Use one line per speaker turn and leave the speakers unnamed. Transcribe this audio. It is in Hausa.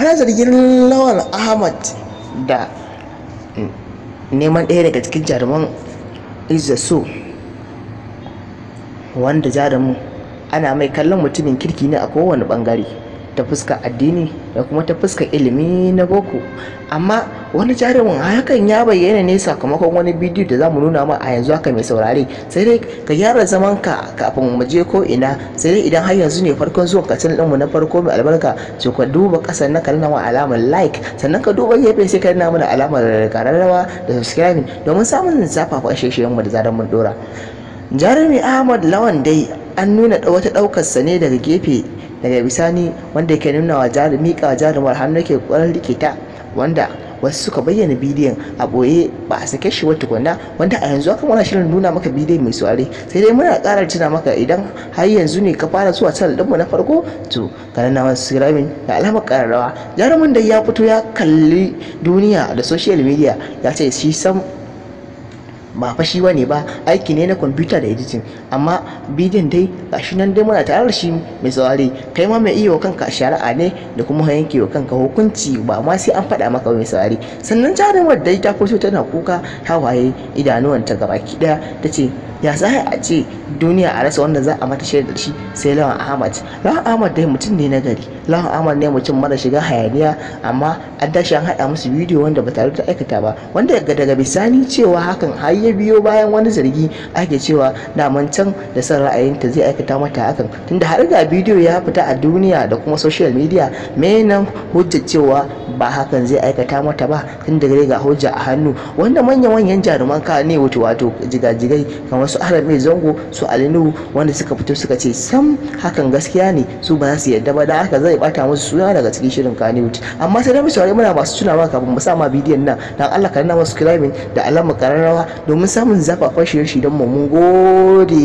ana zargin lawan ahmad da mm, neman ɗaya daga cikin jaruman izza so wanda jarumin ana mai kallon mutumin kirki ne a kowane ɓangare ta fuska addini da kuma ta fuska ilimi na boko amma wani jarumin hakan ya bayyana ne sakamakon wani bidiyo da za mu nuna ma a yanzu haka mai saurare sai dai ka gyara zaman ka kafin mu je ko ina sai dai idan har yanzu ne farkon zuwa ka channel mu na farko mai albarka to ka duba kasan na kallon wa alamar like sannan ka duba gefe sai ka nuna mana alamar kararrawa da subscribing domin samun zafafan shirye-shiryen mu da zaran mun dora jarumi ahmad lawan dai an nuna wata sa ne daga gefe daga bisani wanda ke nuna wa miƙa jarumar hannu ke ƙwarar ta. wanda wasu suka bayyana bidiyon a ɓoye ba a sake shi wata gwanda, wanda a yanzu haka muna shirin nuna maka bidiyon mai suware sai dai muna ƙarar tuna maka idan har yanzu ne ka fara zuwa channel ɗinmu na farko to ka na wasu da alamar ƙararrawa jarumin da ya fito ya kalli duniya da social media ya ce shi sam ba fa shi ne ba aiki ne na kwamfuta da editing amma bidiyon dai gashi nan dai muna tare da shi mai tsawari, kai ma mai iya kanka shari'a ne da kuma yanke wa kanka hukunci ba ma sai an faɗa maka mai tsawari. sannan jarumar dai ta fito tana kuka hawaye idanuwanta gabaki daya ta ce ya sa a ce duniya a rasa wanda za a mata da shi sai lawan ahmad lawan ahmad dai mutum ne na gari lawan ahmad ne mutum mara shiga hayaniya amma an tashi an haɗa musu bidiyo wanda ba tare da aikata ba wanda daga daga bisani cewa hakan har ya biyo bayan wani zargi ake cewa daman can da son ra'ayinta zai aikata mata hakan tunda har ga bidiyo ya fita a duniya da kuma social media menan hujjar cewa ba hakan zai aikata mata ba tun da ga hujja a hannu wanda manya-manyan jaruman ka ne wato wato jigajigai kamar su haram mai zango su alinu wanda suka fito suka ce sam hakan gaskiya ne su ba za su yarda ba da haka zai bata musu suna daga cikin shirin kanewut amma sai da mu muna masu tunawa kafin mu sa ma bidiyon nan dan Allah ka nuna masu climbing da alamar kararrawa domin samun zafafan shirye-shiryen mu mun gode